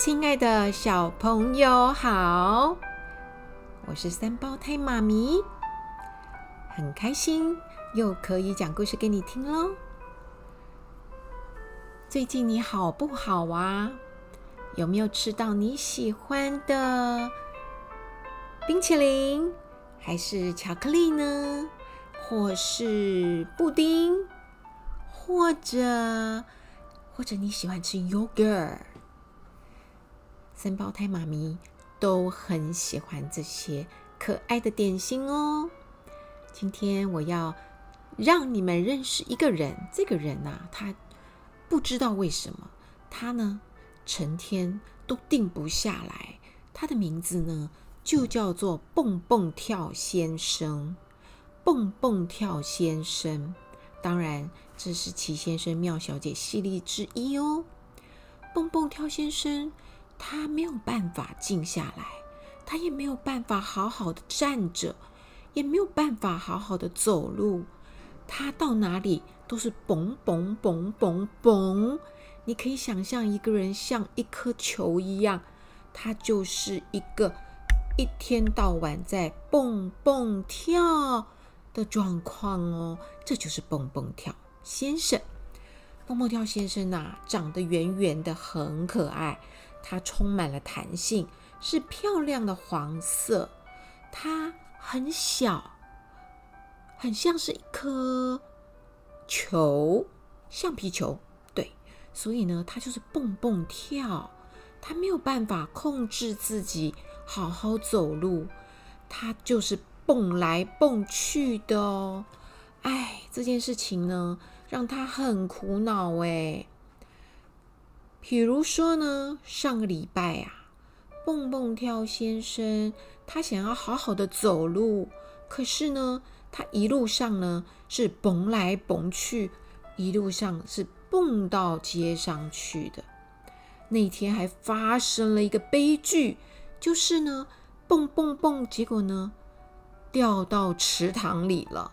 親愛的小朋友好，我是三胞胎媽咪，很開心又可以講故事給你聽嘍。最近你好不好啊？有沒有吃到你喜歡的冰淇淋，還是巧克力呢？或是布丁，或者或者你喜歡吃 yogurt？三胞胎媽咪都很喜歡這些可愛的點心哦。今天我要讓你們認識一個人，這個人啊，他不知道為什麼，他呢成天都定不下來。他的名字呢，就叫做蹦蹦跳先生。蹦蹦跳先生，當然這是奇先生妙小姐系列之一哦。蹦蹦跳先生。他沒有辦法靜下來，他也沒有辦法好好的站着，也沒有辦法好好的走路。他到哪裡都是蹦蹦蹦蹦蹦。你可以想象一個人像一顆球一樣，他就是一個一天到晚在蹦蹦跳的狀況哦。這就是蹦蹦跳先生，蹦蹦跳先生吶、啊，長得圓圓的，很可愛。它充滿了彈性，是漂亮的黃色。它很小，很像是一顆球，橡皮球。對，所以呢，它就是蹦蹦跳，它沒有辦法控制自己好好走路，它就是蹦來蹦去的哦。哎，這件事情呢，讓它很苦惱哎、欸。比如說呢，上個禮拜啊，蹦蹦跳先生他想要好好的走路，可是呢，他一路上呢是蹦來蹦去，一路上是蹦到街上去的。那天還發生了一個悲劇，就是呢，蹦蹦蹦，結果呢掉到池塘裡了，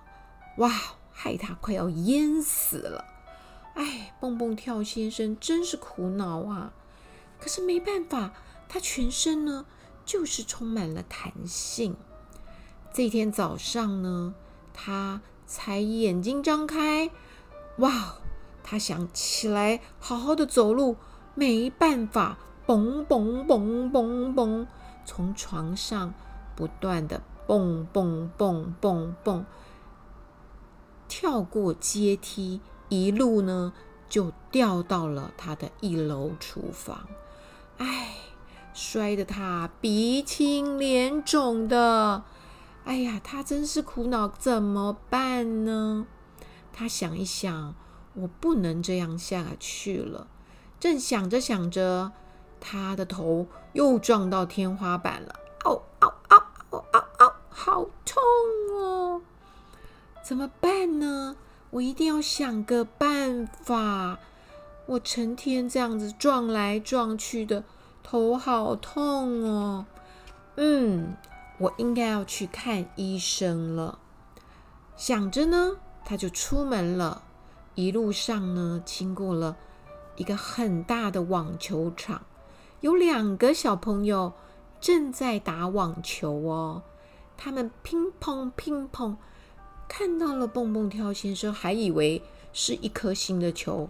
哇，害他快要淹死了。哎，蹦蹦跳先生真是苦惱啊！可是沒辦法，他全身呢就是充滿了彈性。這一天早上呢，他才眼睛張開，哇！他想起來好好的走路，沒辦法，蹦蹦蹦蹦蹦蹦，從床上不斷的蹦蹦蹦蹦蹦，跳過階梯。一路呢，就掉到了他的一樓廚房，哎，摔得他鼻青臉腫的。哎呀，他真是苦惱，怎麼辦呢？他想一想，我不能這樣下去了。正想着想着，他的頭又撞到天花板了。哦哦哦哦哦哦，好痛哦！怎麼辦呢？我一定要想個辦法。我成天這樣子撞來撞去的，頭好痛哦。嗯，我應該要去看醫生了。想着呢，他就出門了。一路上呢，經過了一個很大的網球場，有兩個小朋友正在打網球哦。他們乒乓乒乓。看到了蹦蹦跳先生，還以為是一顆新的球。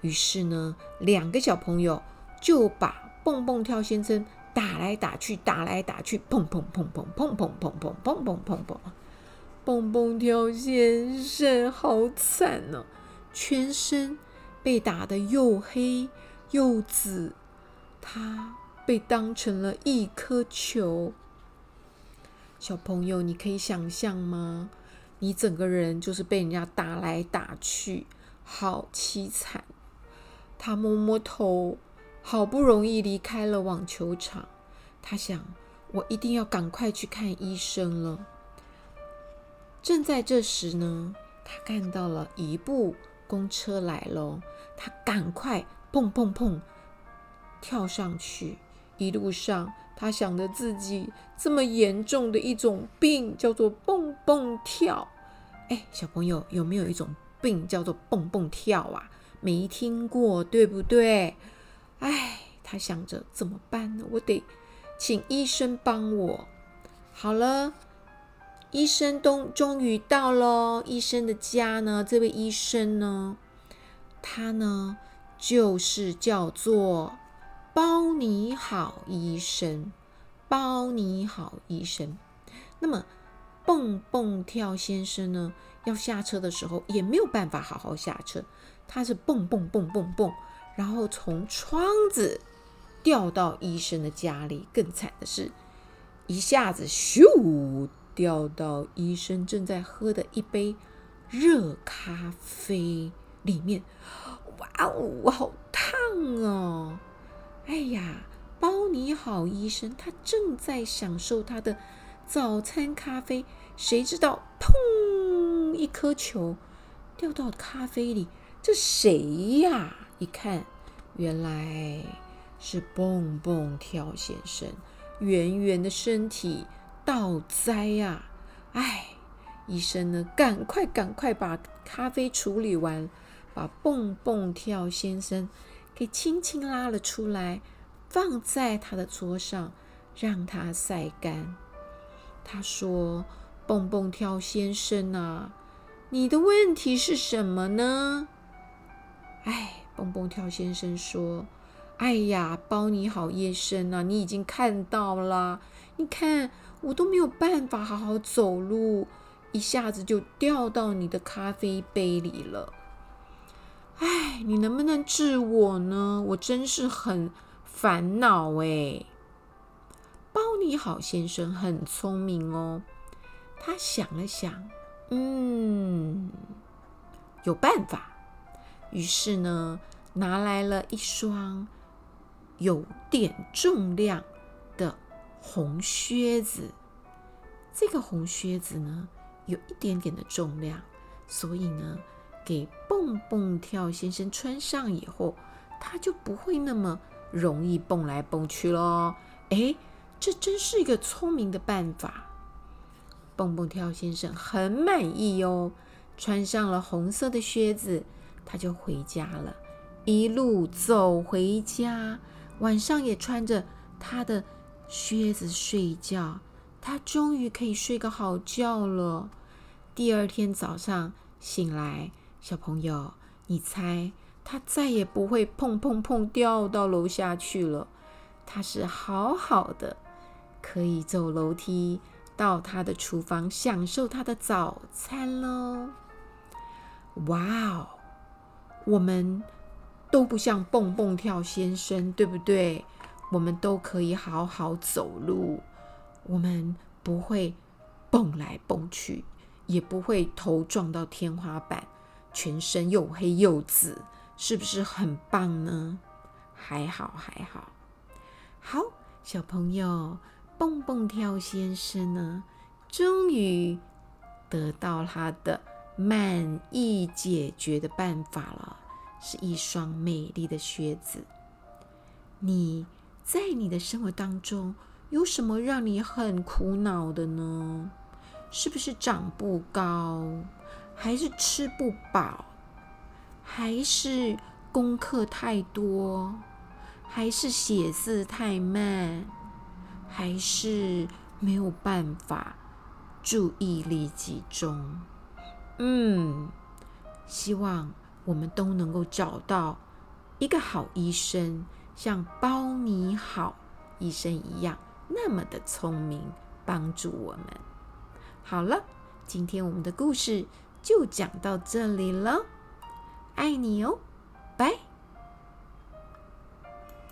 於是呢，兩個小朋友就把蹦蹦跳先生打來打去，打來打去，砰砰砰砰砰，砰砰砰砰砰砰砰砰砰砰砰砰！蹦蹦跳先生好慘呢、啊，全身被打得又黑又紫，他被當成了一顆球。小朋友，你可以想象嗎？你整個人就是被人家打來打去，好淒慘。他摸摸頭，好不容易離開了網球場。他想，我一定要趕快去看醫生了。正在這時呢，他看到了一部公車來了，他趕快砰砰砰跳上去，一路上。他想着自己這麼嚴重的一種病叫做蹦蹦跳，哎，小朋友有沒有一種病叫做蹦蹦跳啊？沒聽過，對不對？哎，他想着怎麼辦呢？我得請醫生幫我。好了，醫生都終於到了。醫生的家呢？這位醫生呢？他呢就是叫做包你好醫生，包你好醫生。那麼蹦蹦跳先生呢，要下車的時候也沒有辦法好好下車，他是蹦蹦蹦蹦蹦，然後從窗子掉到醫生的家裡。更慘的是，一下子咻掉到醫生正在喝的一杯熱咖啡裡面。哇哦，好燙啊、哦！哎呀，包你好，醫生，他正在享受他的早餐咖啡。誰知道，砰！一顆球掉到咖啡裡，這誰呀啊？一看，原來是蹦蹦跳先生，圓圓的身體倒栽呀啊！哎，醫生呢？趕快，趕快把咖啡處理完，把蹦蹦跳先生。給輕輕拉了出來，放在他的桌上，讓他曬乾。他說：“蹦蹦跳先生啊，你的問題是什麼呢？”哎，蹦蹦跳先生說：“哎呀，包你好夜深了啊，你已經看到了。你看，我都沒有辦法好好走路，一下子就掉到你的咖啡杯裡了。”哎，你能不能治我呢？我真是很煩惱哎。包你好先生很聰明哦，他想了想，嗯，有辦法。於是呢，拿來了一雙有點重量的紅靴子。這個紅靴子呢，有一點點的重量，所以呢，給。蹦蹦跳先生穿上以後，他就不會那麼容易蹦來蹦去嘍。誒，這真是一個聰明的辦法！蹦蹦跳先生很滿意喲，哦，穿上了紅色的靴子，他就回家了，一路走回家，晚上也穿着他的靴子睡覺。他終於可以睡個好覺了。第二天早上醒來。小朋友，你猜他再也不會碰碰碰掉到樓下去了。他是好好的，可以走樓梯到他的廚房，享受他的早餐嘍。哇哦！我們都不像蹦蹦跳先生，對不對？我們都可以好好走路，我們不會蹦來蹦去，也不會頭撞到天花板。全身又黑又紫，是不是很棒呢？還好，還好。好，小朋友，蹦蹦跳先生呢，終於得到他的滿意解決的辦法了，是一雙美麗的靴子。你在你的生活當中有什麼讓你很苦惱的呢？是不是長不高？還是吃不飽，還是功課太多，還是寫字太慢，還是沒有辦法注意力集中。嗯，希望我們都能夠找到一個好醫生，像包你好醫生一樣那麼的聰明，幫助我們。好了，今天我們的故事就講到這裡了，愛你哦，拜。